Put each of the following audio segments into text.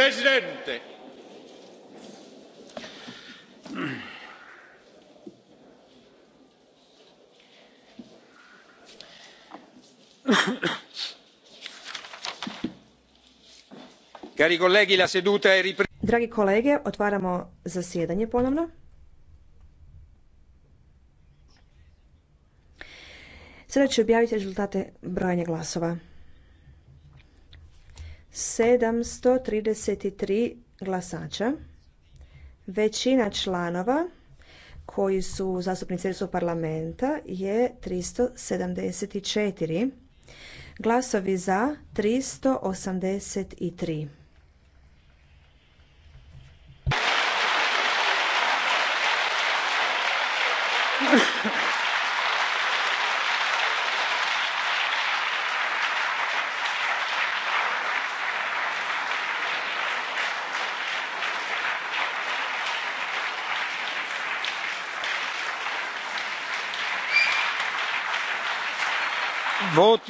presidente dragi kolege otvaramo zasjedanje ponovno sada ću objaviti rezultate brojanja glasova 733 glasača. Većina članova koji su zastupnici Europskog parlamenta je 374. Glasovi za 383.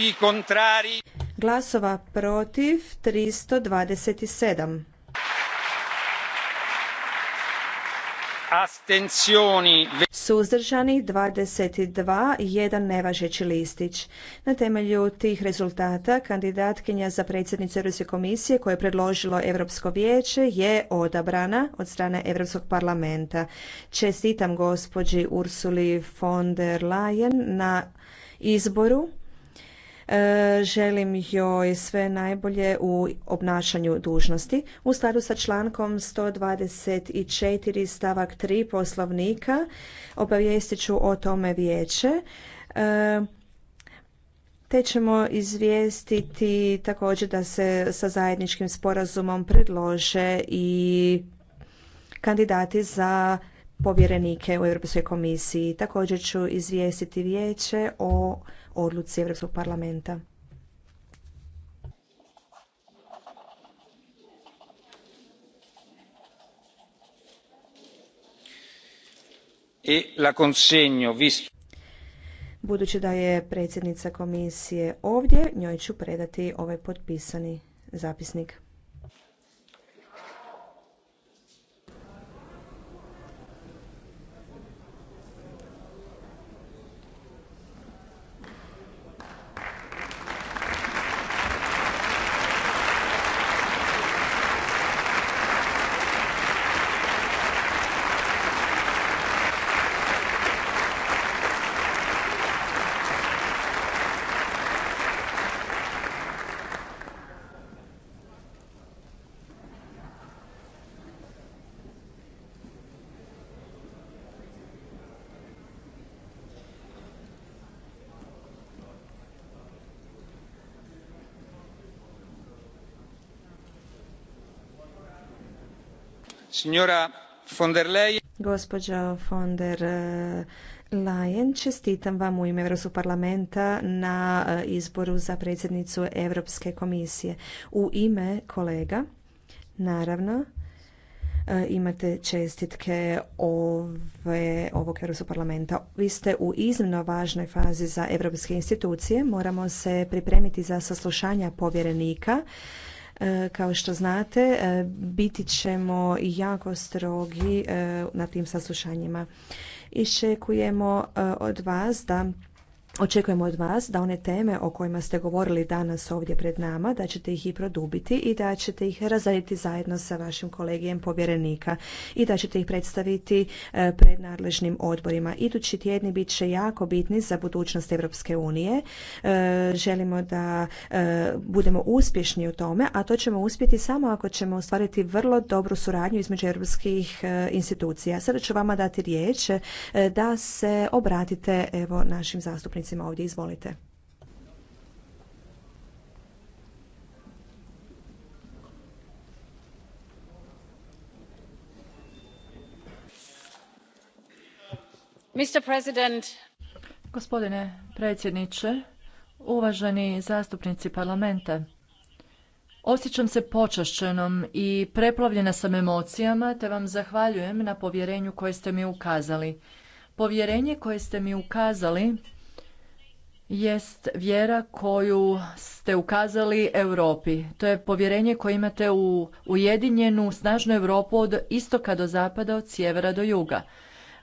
voti contrari. Glasova protiv 327. Suzdržani 22, jedan nevažeći listić. Na temelju tih rezultata kandidatkinja za predsjednicu Europske komisije koje je predložilo Europsko vijeće je odabrana od strane Europskog parlamenta. Čestitam gospođi Ursuli von der Leyen na izboru E, želim joj sve najbolje u obnašanju dužnosti. U skladu sa člankom 124 stavak 3 poslovnika obavijestit ću o tome vijeće e, te ćemo izvijestiti također da se sa zajedničkim sporazumom predlože i kandidati za povjerenike u Europskoj komisiji. Također ću izvijestiti vijeće o odluci Europskog parlamenta. I e la consegno, visto... Budući da je predsjednica komisije ovdje, njoj ću predati ovaj potpisani zapisnik. Gospođo von der eh, Leyen, čestitam vam u ime Europskog parlamenta na eh, izboru za predsjednicu Europske komisije. U ime kolega, naravno, eh, imate čestitke ovog Europskog parlamenta. Vi ste u iznimno važnoj fazi za europske institucije. Moramo se pripremiti za saslušanja povjerenika E, kao što znate, e, biti ćemo jako strogi e, na tim saslušanjima. Iščekujemo od vas da Očekujemo od vas da one teme o kojima ste govorili danas ovdje pred nama, da ćete ih i produbiti i da ćete ih razraditi zajedno sa vašim kolegijem povjerenika i da ćete ih predstaviti e, pred nadležnim odborima. Idući tjedni bit će jako bitni za budućnost Europske unije. E, želimo da e, budemo uspješni u tome, a to ćemo uspjeti samo ako ćemo ostvariti vrlo dobru suradnju između europskih institucija. Sada ću vama dati riječ da se obratite evo našim zastupnicima zastupnicima ovdje. Izvolite. Gospodine predsjedniče, uvaženi zastupnici parlamenta, Osjećam se počašćenom i preplavljena sam emocijama, te vam zahvaljujem na povjerenju koje ste mi ukazali. Povjerenje koje ste mi ukazali jest vjera koju ste ukazali Europi. To je povjerenje koje imate u ujedinjenu snažnu Europu od istoka do zapada, od sjevera do juga.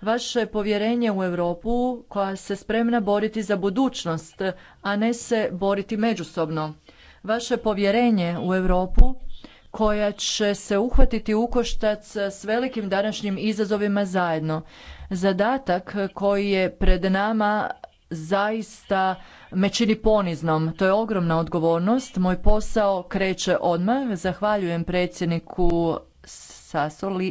Vaše povjerenje u Europu koja se spremna boriti za budućnost, a ne se boriti međusobno. Vaše povjerenje u Europu koja će se uhvatiti u koštac s velikim današnjim izazovima zajedno. Zadatak koji je pred nama zaista me čini poniznom. To je ogromna odgovornost. Moj posao kreće odmah. Zahvaljujem predsjedniku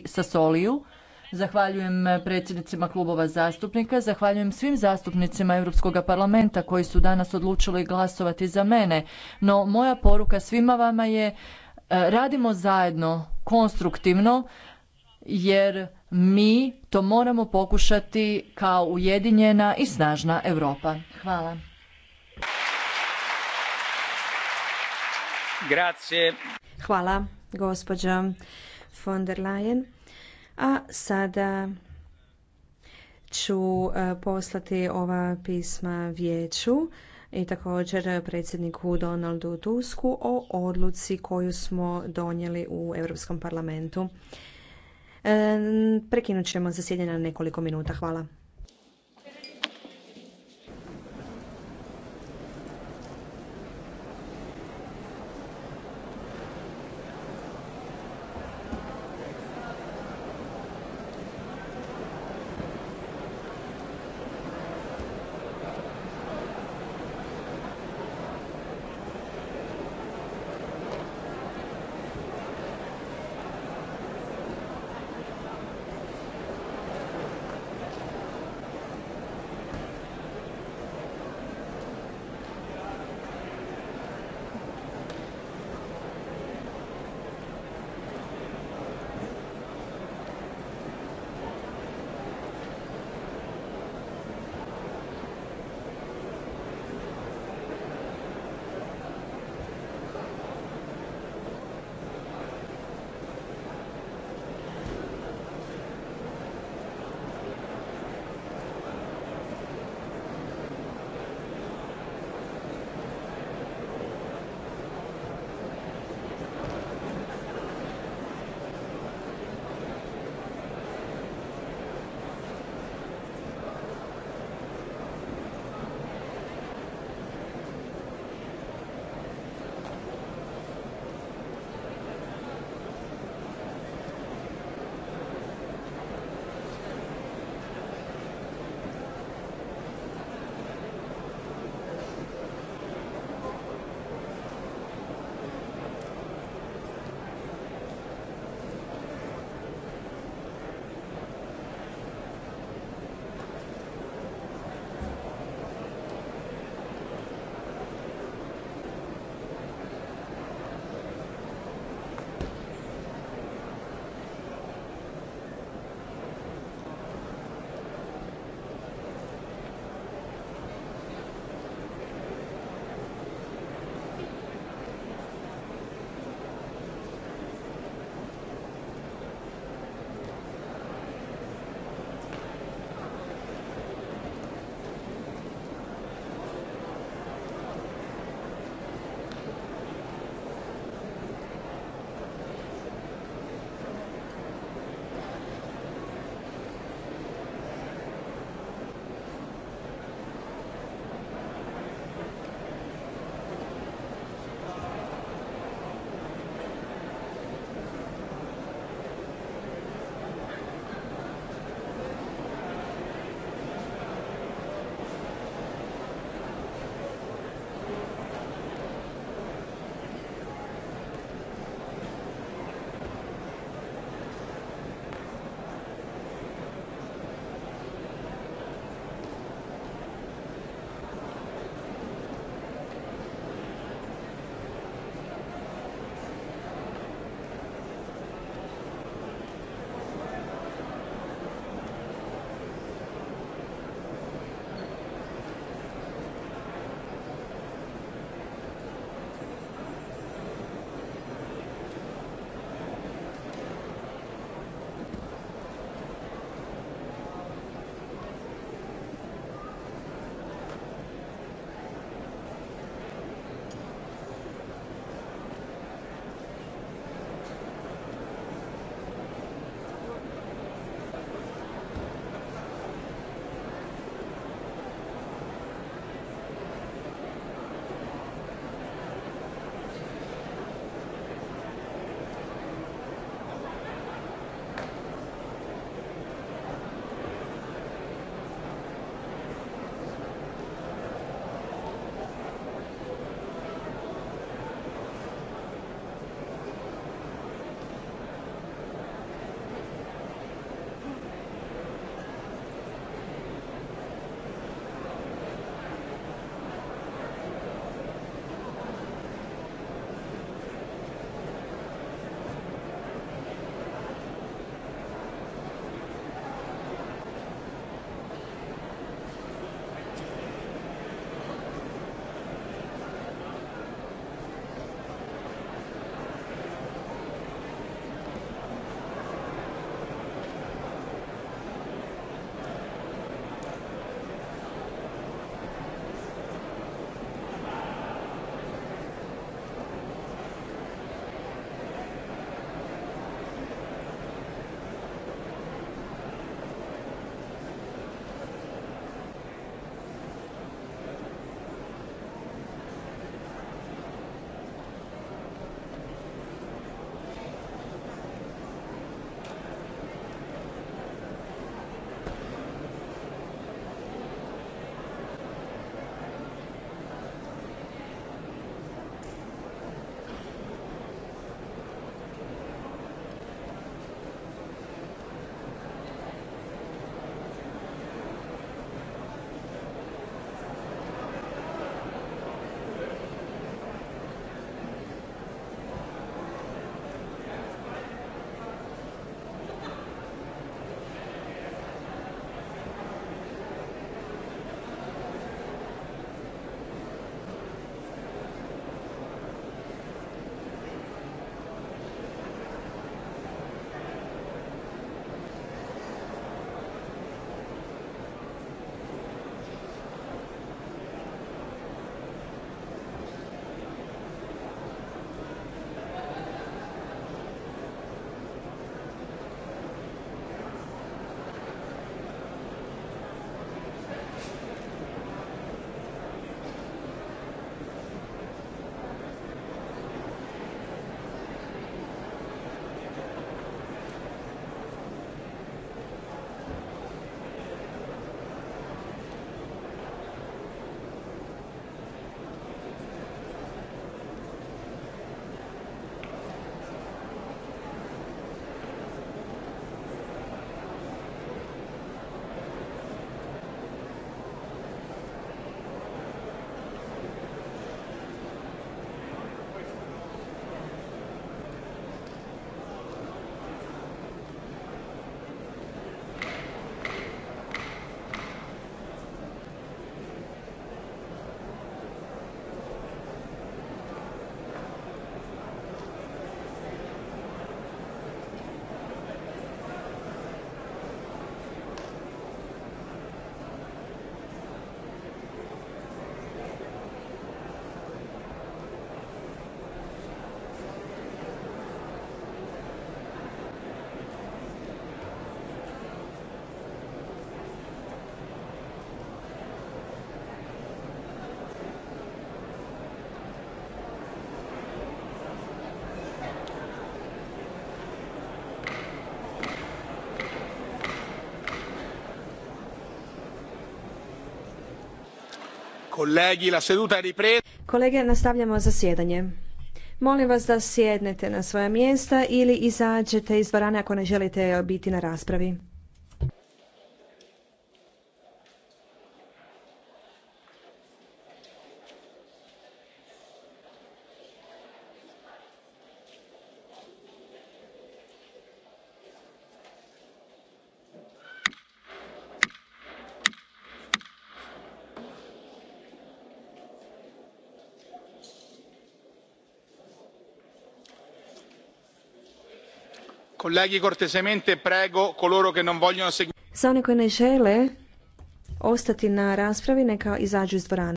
Sasoliju. Zahvaljujem predsjednicima klubova zastupnika, zahvaljujem svim zastupnicima Europskog parlamenta koji su danas odlučili glasovati za mene. No moja poruka svima vama je eh, radimo zajedno, konstruktivno, jer mi to moramo pokušati kao ujedinjena i snažna Europa. Hvala. Grazie. Hvala, gospođo von der Leyen. A sada ću e, poslati ova pisma vijeću i također predsjedniku Donaldu Tusku o odluci koju smo donijeli u Europskom parlamentu. E, prekinut ćemo zasjedanje na nekoliko minuta. Hvala. Kolege, nastavljamo zasjedanje. Molim vas da sjednete na svoja mjesta ili izađete iz dvorane ako ne želite biti na raspravi. colleghi cortesemente prego coloro che non vogliono seguire... Za one koji ne žele ostati na raspravi, neka izađu iz dvorane.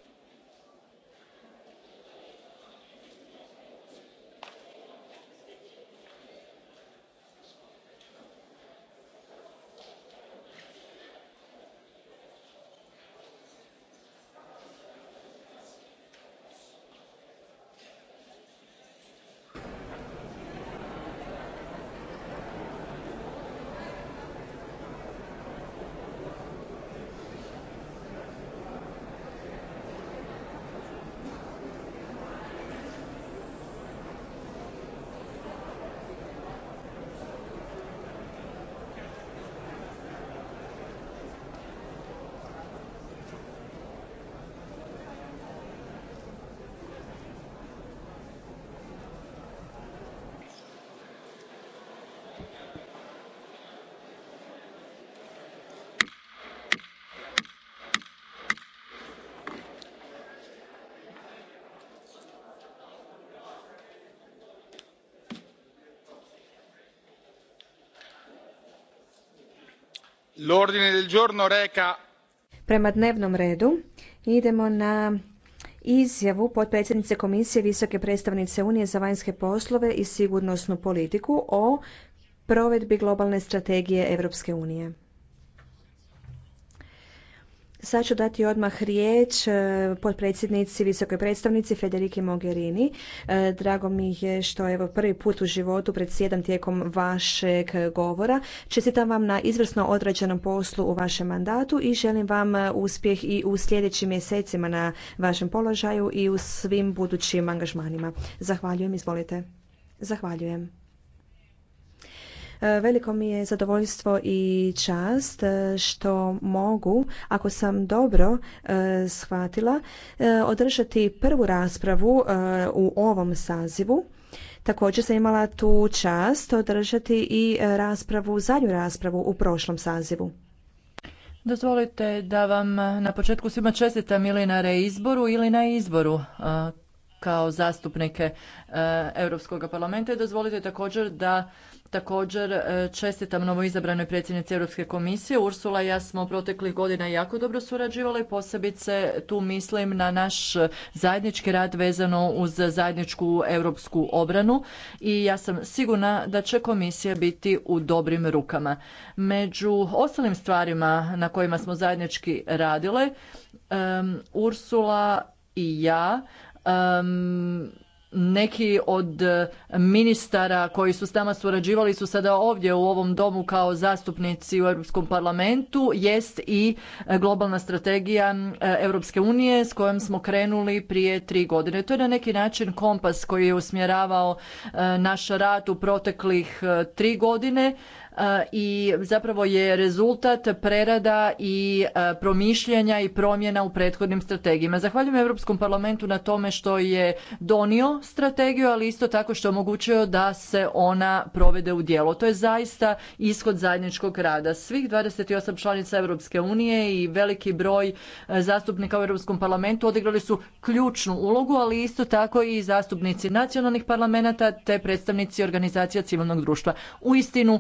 L'ordine del giorno Prema dnevnom redu idemo na izjavu potpredsjednice Komisije Visoke predstavnice Unije za vanjske poslove i sigurnosnu politiku o provedbi globalne strategije Europske unije. Sad ću dati odmah riječ e, potpredsjednici, visokoj predstavnici Federiki Mogherini. E, drago mi je što evo prvi put u životu predsjedam tijekom vašeg govora. Čestitam vam na izvrsno odrađenom poslu u vašem mandatu i želim vam e, uspjeh i u sljedećim mjesecima na vašem položaju i u svim budućim angažmanima. Zahvaljujem, izvolite. Zahvaljujem. Veliko mi je zadovoljstvo i čast e, što mogu, ako sam dobro e, shvatila, e, održati prvu raspravu u ovom sazivu. Također sam imala tu čast održati i raspravu, zadnju raspravu u prošlom sazivu. Dozvolite da vam na početku svima čestitam ili na reizboru ili na izboru kao zastupnike Europskog parlamenta i dozvolite također da Također e, čestitam novoizabranoj predsjednici Europske komisije. Ursula i ja smo proteklih godina jako dobro surađivali, posebice tu mislim na naš zajednički rad vezano uz zajedničku europsku obranu i ja sam sigurna da će komisija biti u dobrim rukama. Među ostalim stvarima na kojima smo zajednički radile, Ursula i ja neki od e, ministara koji su s nama surađivali su sada ovdje u ovom domu kao zastupnici u Europskom parlamentu jest i e, globalna strategija e, Europske unije s kojom smo krenuli prije tri godine. To je na neki način kompas koji je usmjeravao naš rad u proteklih tri godine E, i zapravo je rezultat prerada i e, promišljanja i promjena u prethodnim strategijama. Zahvaljujem Europskom parlamentu na tome što je donio strategiju, ali isto tako što je omogućio da se ona provede u djelo. To je zaista ishod zajedničkog rada. Svih 28 članica Europske unije i veliki broj e, zastupnika u Europskom parlamentu odigrali su ključnu ulogu, ali isto tako i zastupnici nacionalnih parlamenta te predstavnici organizacija civilnog društva. Uistinu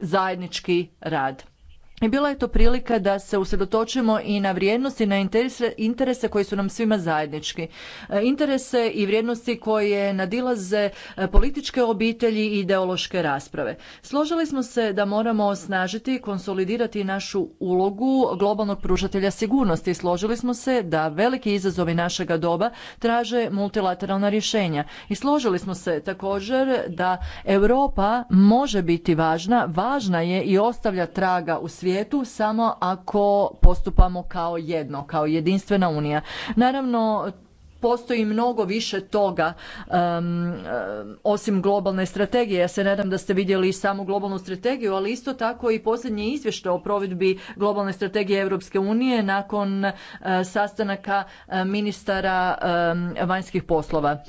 zajednički rad. I bila je to prilika da se usredotočimo i na vrijednosti, na interese, koji su nam svima zajednički. E, interese i vrijednosti koje nadilaze e, političke obitelji i ideološke rasprave. Složili smo se da moramo osnažiti i konsolidirati našu ulogu globalnog pružatelja sigurnosti. Složili smo se da veliki izazovi našega doba traže multilateralna rješenja. I složili smo se također da Europa može biti važna, važna je i ostavlja traga u svijetu svijetu samo ako postupamo kao jedno, kao jedinstvena unija. Naravno, postoji mnogo više toga osim globalne strategije. Ja se nadam da ste vidjeli i samu globalnu strategiju, ali isto tako i posljednje izvješte o provedbi globalne strategije Europske unije nakon eh, sastanaka eh, ministara eh, vanjskih poslova.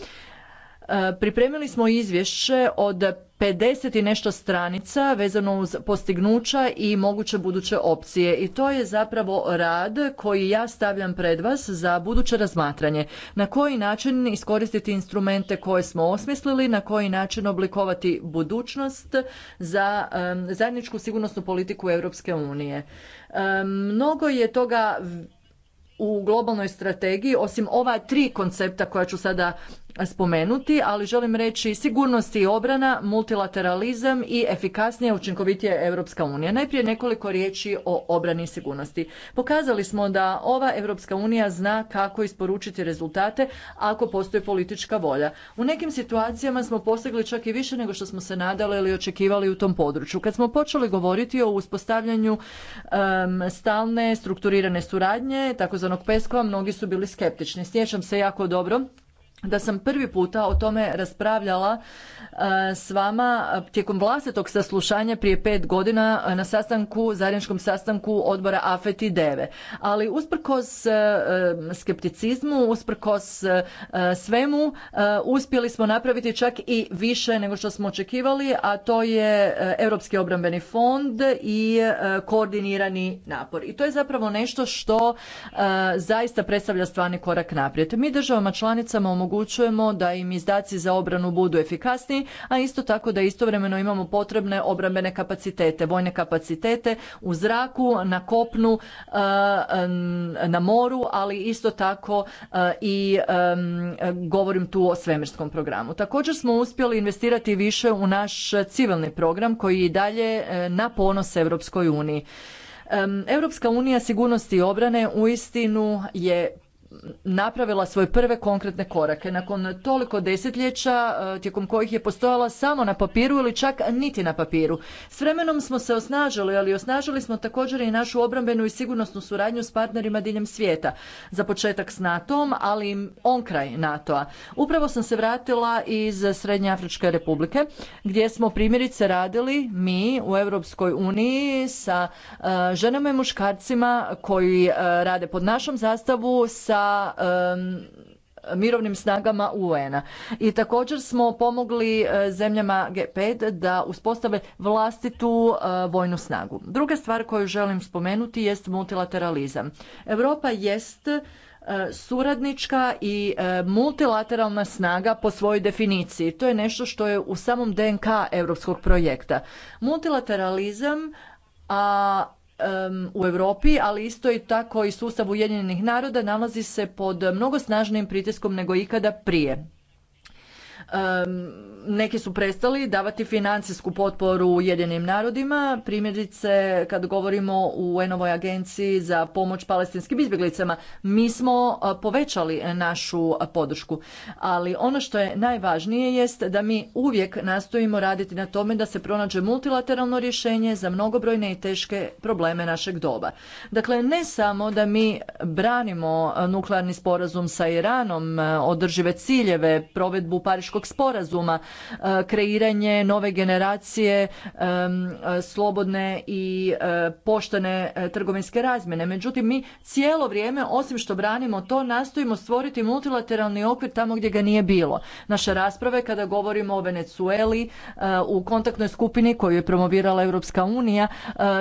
Pripremili smo izvješće od 50 i nešto stranica vezano uz postignuća i moguće buduće opcije i to je zapravo rad koji ja stavljam pred vas za buduće razmatranje. Na koji način iskoristiti instrumente koje smo osmislili, na koji način oblikovati budućnost za zajedničku sigurnosnu politiku Europske unije. mnogo je toga u globalnoj strategiji, osim ova tri koncepta koja ću sada spomenuti, ali želim reći sigurnost i obrana, multilateralizam i efikasnija učinkovitija Europska unija. Najprije nekoliko riječi o obrani i sigurnosti. Pokazali smo da ova Europska unija zna kako isporučiti rezultate ako postoji politička volja. U nekim situacijama smo postigli čak i više nego što smo se nadali ili očekivali u tom području. Kad smo počeli govoriti o uspostavljanju stalne strukturirane suradnje, takozvanog PESCO-a, mnogi su bili skeptični. Sjećam se jako dobro da sam prvi puta o tome raspravljala E, s vama tijekom vlastitog saslušanja prije pet godina e, na sastanku, zajedničkom sastanku odbora AFET i DEVE. Ali usprkos e, skepticizmu, usprkos svemu, uspjeli smo napraviti čak i više nego što smo očekivali, a to je Europski obrambeni fond i koordinirani napor. I to je zapravo nešto što zaista predstavlja stvarni korak naprijed. Mi državama članicama omogućujemo da im izdaci za obranu budu efikasniji, a isto tako da istovremeno imamo potrebne obrambene kapacitete, vojne kapacitete u zraku, na kopnu, e, na moru, ali isto tako e, i govorim tu o svemirskom programu. Također smo uspjeli investirati više u naš civilni program koji i dalje e, na ponos Europskoj uniji. Europska unija sigurnosti i obrane istinu je napravila svoje prve konkretne korake nakon toliko desetljeća e, tijekom kojih je postojala samo na papiru ili čak niti na papiru. S vremenom smo se osnažili, ali osnažili smo također i našu obrambenu i sigurnosnu suradnju s partnerima diljem svijeta. Za početak s NATO-om, ali i on kraj NATO-a. Upravo sam se vratila iz Srednje Afričke republike gdje smo primjerice radili mi u Europskoj uniji sa e, ženama i muškarcima koji e, rade pod našom zastavu sa um, mirovnim snagama UN-a. I također smo pomogli e, zemljama G5 da uspostave vlastitu e, vojnu snagu. Druga stvar koju želim spomenuti jest multilateralizam. Europa jest e, suradnička i multilateralna snaga po svojoj definiciji. To je nešto što je u samom DNK europskog projekta. Multilateralizam a u Europi, ali isto i tako i sustav Ujedinjenih naroda nalazi se pod mnogo snažnijim pritiskom nego ikada prije neki su prestali davati financijsku potporu jedinim narodima, primjerice kad govorimo u UN-ovoj agenciji za pomoć palestinskim izbjeglicama. Mi smo povećali našu podršku, ali ono što je najvažnije jest da mi uvijek nastojimo raditi na tome da se pronađe multilateralno rješenje za mnogobrojne i teške probleme našeg doba. Dakle, ne samo da mi branimo nuklearni sporazum sa Iranom, održive ciljeve, provedbu Pariškog sporazuma, e, kreiranje nove generacije e, slobodne i e, poštene trgovinske razmjene. Međutim, mi cijelo vrijeme, osim što branimo to, nastojimo stvoriti multilateralni okvir tamo gdje ga nije bilo. Naše rasprave kada govorimo o Venecueli u kontaktnoj skupini koju je promovirala Europska unija,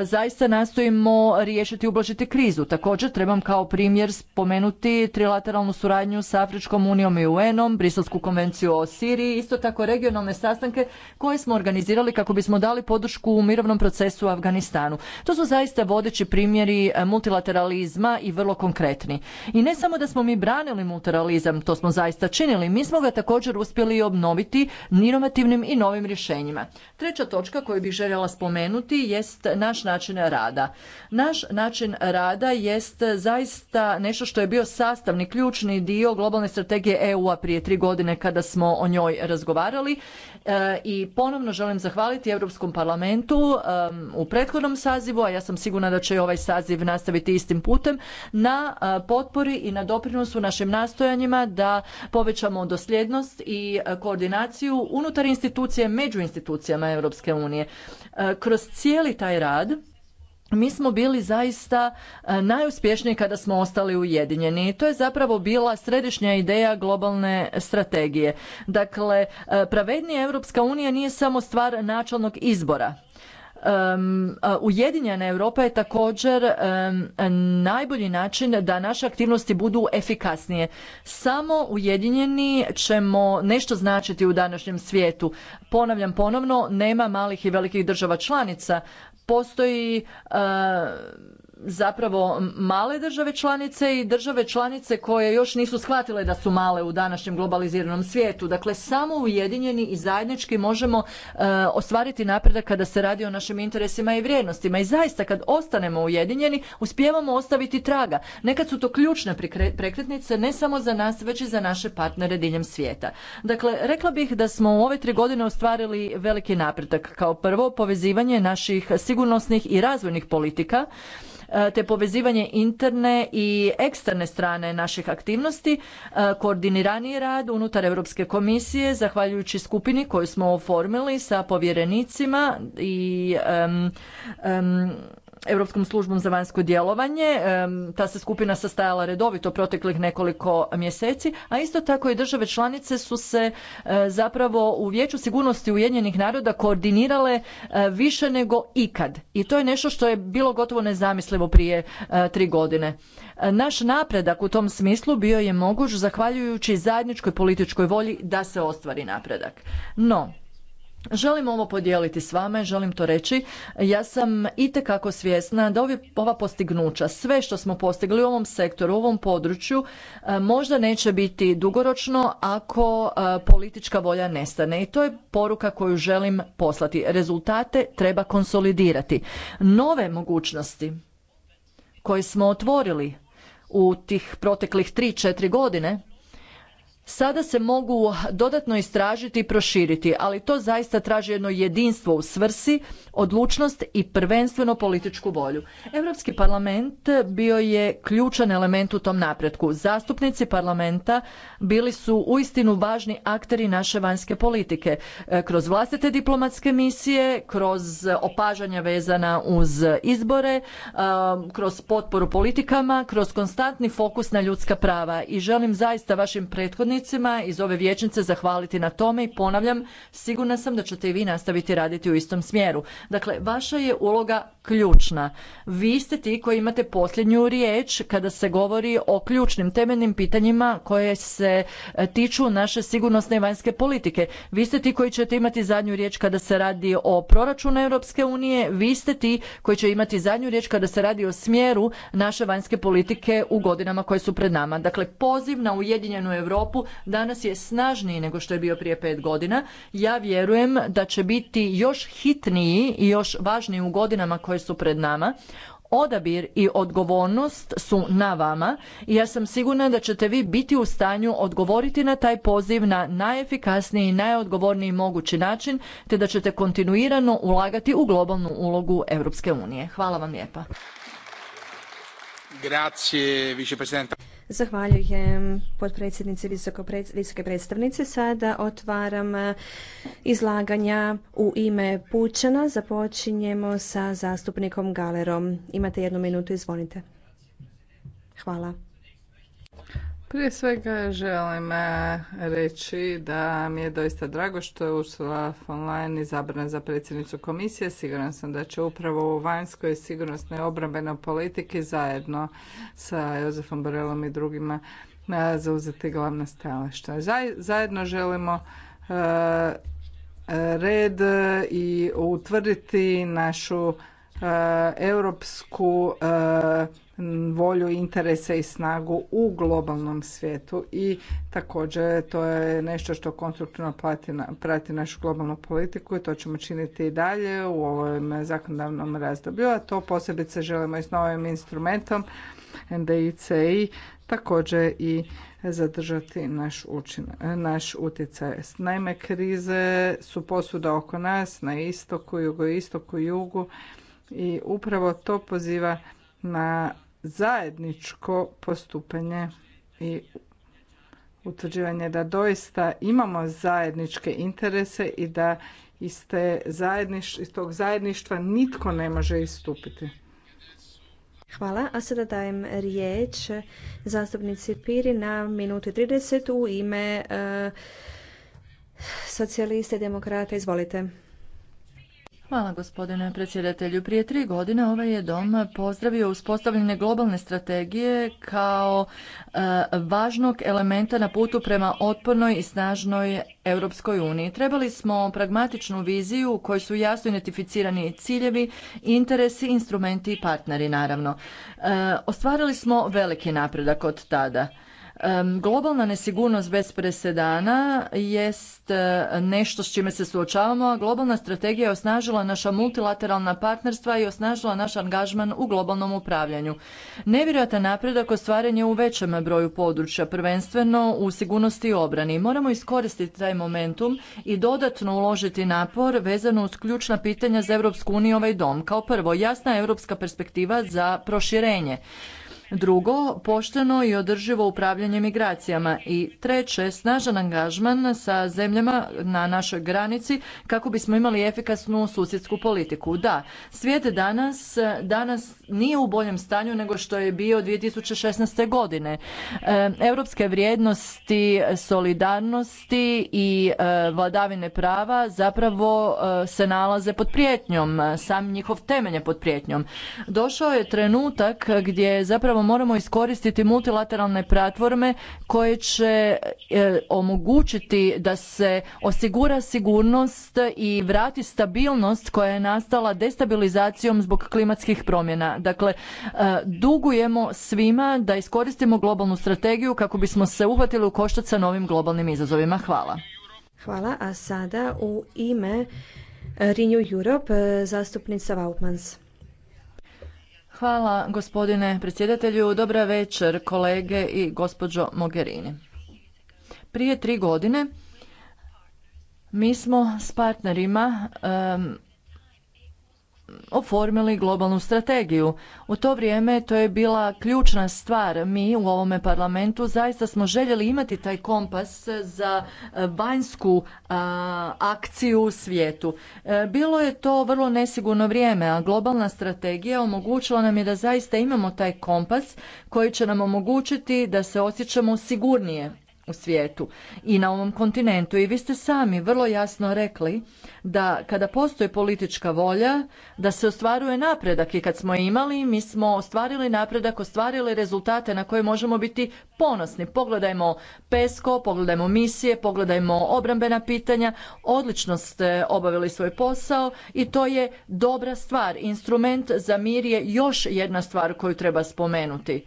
zaista nastojimo riješiti i ublažiti krizu. Također trebam kao primjer spomenuti trilateralnu suradnju sa Afričkom unijom i UN-om, Briselsku konvenciju o i isto tako regionalne sastanke koje smo organizirali kako bismo dali podršku u mirovnom procesu u Afganistanu. To su zaista vodeći primjeri e, multilateralizma i vrlo konkretni. I ne samo da smo mi branili multilateralizam, to smo zaista činili, mi smo ga također uspjeli obnoviti inovativnim i novim rješenjima. Treća točka koju bih željela spomenuti jest naš način rada. Naš način rada jest zaista nešto što je bio sastavni, ključni dio globalne strategije EU-a prije tri godine kada smo o njoj njoj razgovarali e, i ponovno želim zahvaliti Europskom parlamentu u prethodnom sazivu, a ja sam sigurna da će ovaj saziv nastaviti istim putem, na e, potpori i na doprinosu našim nastojanjima da povećamo dosljednost i e, koordinaciju unutar institucije među institucijama Europske unije. Kroz cijeli taj rad mi smo bili zaista e, najuspješniji kada smo ostali ujedinjeni i to je zapravo bila središnja ideja globalne strategije. Dakle, e, pravednija Europska unija nije samo stvar načelnog izbora. E, ujedinjena Europa je također najbolji način da naše aktivnosti budu efikasnije. Samo ujedinjeni ćemo nešto značiti u današnjem svijetu. Ponavljam ponovno, nema malih i velikih država članica postoji e, zapravo male države članice i države članice koje još nisu shvatile da su male u današnjem globaliziranom svijetu. Dakle, samo ujedinjeni i zajednički možemo e, ostvariti napredak kada se radi o našim interesima i vrijednostima. I zaista kad ostanemo ujedinjeni, uspijevamo ostaviti traga. Nekad su to ključne prekretnice ne samo za nas, već i za naše partnere diljem svijeta. Dakle, rekla bih da smo u ove tri godine ostvarili veliki napredak. Kao prvo, povezivanje naših sigurnosnih i razvojnih politika E, te povezivanje interne i eksterne strane naših aktivnosti, e, koordinirani rad unutar Europske komisije zahvaljujući skupini koju smo oformili sa povjerenicima i Europskom službom za vanjsko djelovanje. Ta se skupina sastajala redovito proteklih nekoliko mjeseci, a isto tako i države članice su se e, zapravo u Vijeću sigurnosti Ujedinjenih naroda koordinirale e, više nego ikad. I to je nešto što je bilo gotovo nezamislivo prije e, tri godine. Naš napredak u tom smislu bio je moguć zahvaljujući zajedničkoj političkoj volji da se ostvari napredak. No, Želim ovo podijeliti s vama i želim to reći. Ja sam itekako svjesna da ova postignuća, sve što smo postigli u ovom sektoru, u ovom području, e, možda neće biti dugoročno ako e, politička volja nestane. I to je poruka koju želim poslati. Rezultate treba konsolidirati. Nove mogućnosti koje smo otvorili u tih proteklih 3-4 godine, sada se mogu dodatno istražiti i proširiti, ali to zaista traži jedno jedinstvo u svrsi, odlučnost i prvenstveno političku volju. Europski parlament bio je ključan element u tom napretku. Zastupnici parlamenta bili su uistinu važni akteri naše vanjske politike. E, kroz vlastite diplomatske misije, kroz opažanja vezana uz izbore, e, kroz potporu politikama, kroz konstantni fokus na ljudska prava. I želim zaista vašim prethodnim suradnicima iz ove vijećnice zahvaliti na tome i ponavljam, sigurna sam da ćete i vi nastaviti raditi u istom smjeru. Dakle, vaša je uloga ključna. Vi ste ti koji imate posljednju riječ kada se govori o ključnim temeljnim pitanjima koje se e, tiču naše sigurnosne i vanjske politike. Vi ste ti koji ćete imati zadnju riječ kada se radi o proračunu Europske unije, vi ste ti koji će imati zadnju riječ kada se radi o smjeru naše vanjske politike u godinama koje su pred nama. Dakle, poziv na Ujedinjenu Europu danas je snažniji nego što je bio prije pet godina. Ja vjerujem da će biti još hitniji i još važniji u godinama koje koje su pred nama odabir i odgovornost su na vama i ja sam sigurna da ćete vi biti u stanju odgovoriti na taj poziv na najefikasniji i najodgovorniji mogući način te da ćete kontinuirano ulagati u globalnu ulogu Europske unije. Hvala vam lijepa. Zahvaljujem potpredsjednici visoke predstavnice. Sada otvaram eh, izlaganja u ime Pučana. Započinjemo sa zastupnikom Galerom. Imate jednu minutu, izvolite. Hvala. Prije svega želim e, reći da mi je doista drago što je Ursula von Leyen izabrana za predsjednicu komisije. Siguran sam da će upravo u vanjskoj sigurnosnoj obrambenoj politiki zajedno sa Josefom Borelom i drugima e, zauzeti glavna stajališta. Zajedno želimo e, red i utvrditi našu E, europsku e, volju, interese i snagu u globalnom svijetu i također to je nešto što konstruktivno prati našu globalnu politiku i to ćemo činiti i dalje u ovom zakonodavnom razdoblju, a to posebice želimo i s novim instrumentom NDICI također i zadržati naš, učin, naš utjecaj. Naime, krize su posuda oko nas, na istoku, jugoistoku, jugu i upravo to poziva na zajedničko postupanje i utvrđivanje da doista imamo zajedničke interese i da iz, te tog zajedništva nitko ne može istupiti. Hvala, a sada dajem riječ zastupnici Piri na minuti 30 u ime eh, socijaliste i demokrata. Izvolite. Hvala gospodine predsjedatelju. Prije tri godine ovaj je dom pozdravio uspostavljanje globalne strategije kao e, važnog elementa na putu prema otpornoj i snažnoj Europskoj uniji. Trebali smo pragmatičnu viziju u kojoj su jasno identificirani ciljevi, interesi, instrumenti i partneri naravno. E, ostvarili smo veliki napredak od tada. Globalna nesigurnost bez presedana jest e, nešto s čime se suočavamo, a globalna strategija je osnažila naša multilateralna partnerstva i osnažila naš angažman u globalnom upravljanju. Nevjerojatan napredak ostvaren je u većem broju područja, prvenstveno u sigurnosti i obrani. Moramo iskoristiti taj momentum i dodatno uložiti napor vezano uz ključna pitanja za EU i ovaj dom. Kao prvo, jasna europska perspektiva za proširenje. Drugo, pošteno i održivo upravljanje migracijama. I treće, snažan angažman sa zemljama na našoj granici kako bismo imali efikasnu susjedsku politiku. Da, svijet danas, danas nije u boljem stanju nego što je bio 2016. godine. E, europske vrijednosti solidarnosti i e, vladavine prava zapravo e, se nalaze pod prijetnjom. Sam njihov temelj je pod prijetnjom. Došao je trenutak gdje zapravo moramo iskoristiti multilateralne platforme koje će e, omogućiti da se osigura sigurnost i vrati stabilnost koja je nastala destabilizacijom zbog klimatskih promjena. Dakle, e, dugujemo svima da iskoristimo globalnu strategiju kako bismo se uhvatili u koštac sa novim globalnim izazovima. Hvala. Hvala, a sada u ime Renew Europe e, zastupnica Vautmans. Hvala gospodine predsjedatelju. Dobra večer kolege i gospođo Mogherini. Prije tri godine mi smo s partnerima oformili globalnu strategiju. U to vrijeme to je bila ključna stvar. Mi u ovome parlamentu zaista smo željeli imati taj kompas za e, vanjsku akciju u svijetu. E, bilo je to vrlo nesigurno vrijeme, a globalna strategija omogućila nam je da zaista imamo taj kompas koji će nam omogućiti da se osjećamo sigurnije u svijetu i na ovom kontinentu. I vi ste sami vrlo jasno rekli da kada postoji politička volja, da se ostvaruje napredak i kad smo imali, mi smo ostvarili napredak, ostvarili rezultate na koje možemo biti ponosni. Pogledajmo PESCO, pogledajmo misije, pogledajmo obrambena pitanja, odlično ste obavili svoj posao i to je dobra stvar. Instrument za mir je još jedna stvar koju treba spomenuti.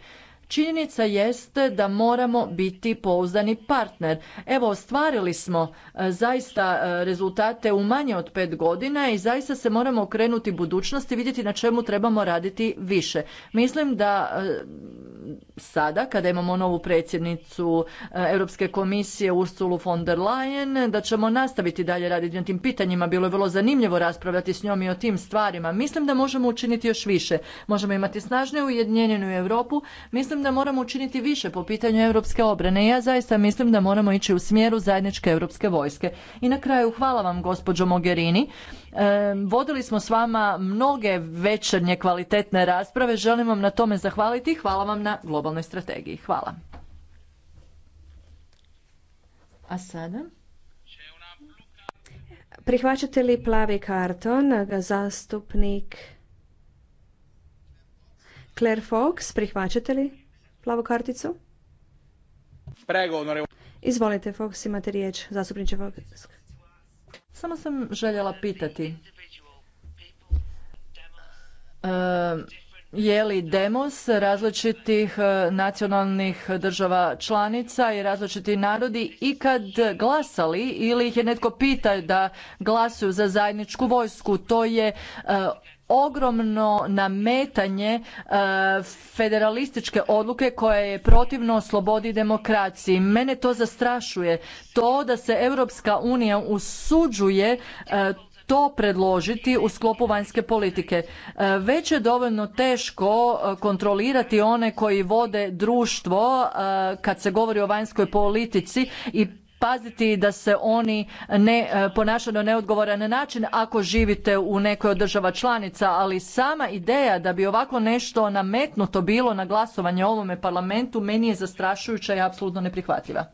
Činjenica jeste da moramo biti pouzdani partner. Evo, ostvarili smo e, zaista e, rezultate u manje od pet godina i zaista se moramo okrenuti budućnosti i vidjeti na čemu trebamo raditi više. Mislim da e, sada, kada imamo novu predsjednicu Europske komisije Ursulu von der Leyen, da ćemo nastaviti dalje raditi na tim pitanjima. Bilo je vrlo zanimljivo raspravljati s njom i o tim stvarima. Mislim da možemo učiniti još više. Možemo imati snažniju ujedinjenu Europu. Mislim mislim da moramo učiniti više po pitanju europske obrane. Ja zaista mislim da moramo ići u smjeru zajedničke europske vojske. I na kraju hvala vam gospođo Mogherini. vodili smo s vama mnoge večernje kvalitetne rasprave. Želim vam na tome zahvaliti i hvala vam na globalnoj strategiji. Hvala. A sada? Prihvaćate li plavi karton zastupnik Claire Fox, prihvaćate li? plavu karticu? Izvolite, Fox, imate riječ, zastupniče Fox. Samo sam željela pitati. Jeli eh, je li demos različitih eh, nacionalnih država članica i različiti narodi ikad glasali ili ih je netko pitao da glasuju za zajedničku vojsku? To je eh, ogromno nametanje e, federalističke odluke koja je protivno slobodi i demokraciji. Mene to zastrašuje. To da se Europska unija usuđuje e, to predložiti u sklopu vanjske politike. E, već je dovoljno teško kontrolirati one koji vode društvo kad se govori o vanjskoj politici i paziti da se oni ne e, ponašaju na neodgovoran način ako živite u nekoj od država članica, ali sama ideja da bi ovako nešto nametnuto bilo na glasovanje ovome parlamentu meni je zastrašujuća i apsolutno neprihvatljiva.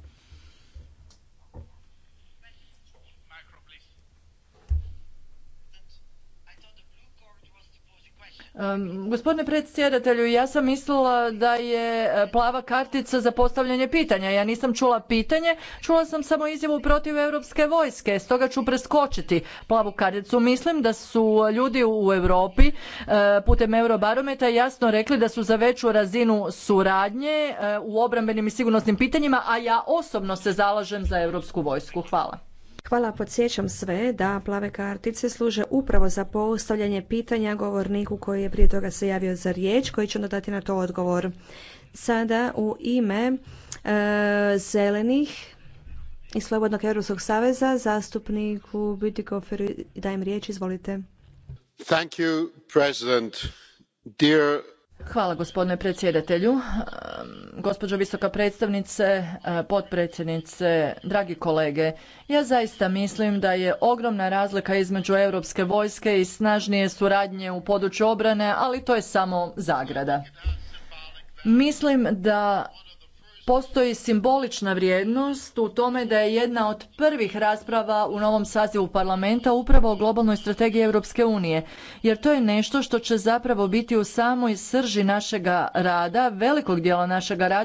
gospodine predsjedatelju, ja sam mislila da je e, plava kartica za postavljanje pitanja. Ja nisam čula pitanje, čula sam samo izjavu protiv europske vojske, stoga ću preskočiti plavu karticu. Mislim da su ljudi u Europi e, putem Eurobarometa jasno rekli da su za veću razinu suradnje e, u obrambenim i sigurnosnim pitanjima, a ja osobno se zalažem za europsku vojsku. Hvala. Hvala, podsjećam sve da plave kartice služe upravo za postavljanje pitanja govorniku koji je prije toga se javio za riječ, koji će onda dati na to odgovor. Sada u ime e, zelenih i Slobodnog Europskog saveza zastupniku Bütikoferu dajem riječ, izvolite. Thank you, President. Dear Hvala gospodine predsjedatelju. Gospođo visoka predstavnice, e, potpredsjednice, dragi kolege, ja zaista mislim da je ogromna razlika između europske vojske i snažnije suradnje u području obrane, ali to je samo zagrada. Mislim da Postoji simbolična vrijednost u tome da je jedna od prvih rasprava u novom sazivu parlamenta upravo o globalnoj strategiji Europske unije, jer to je nešto što će zapravo biti u samoj srži našega rada, velikog dijela našega rada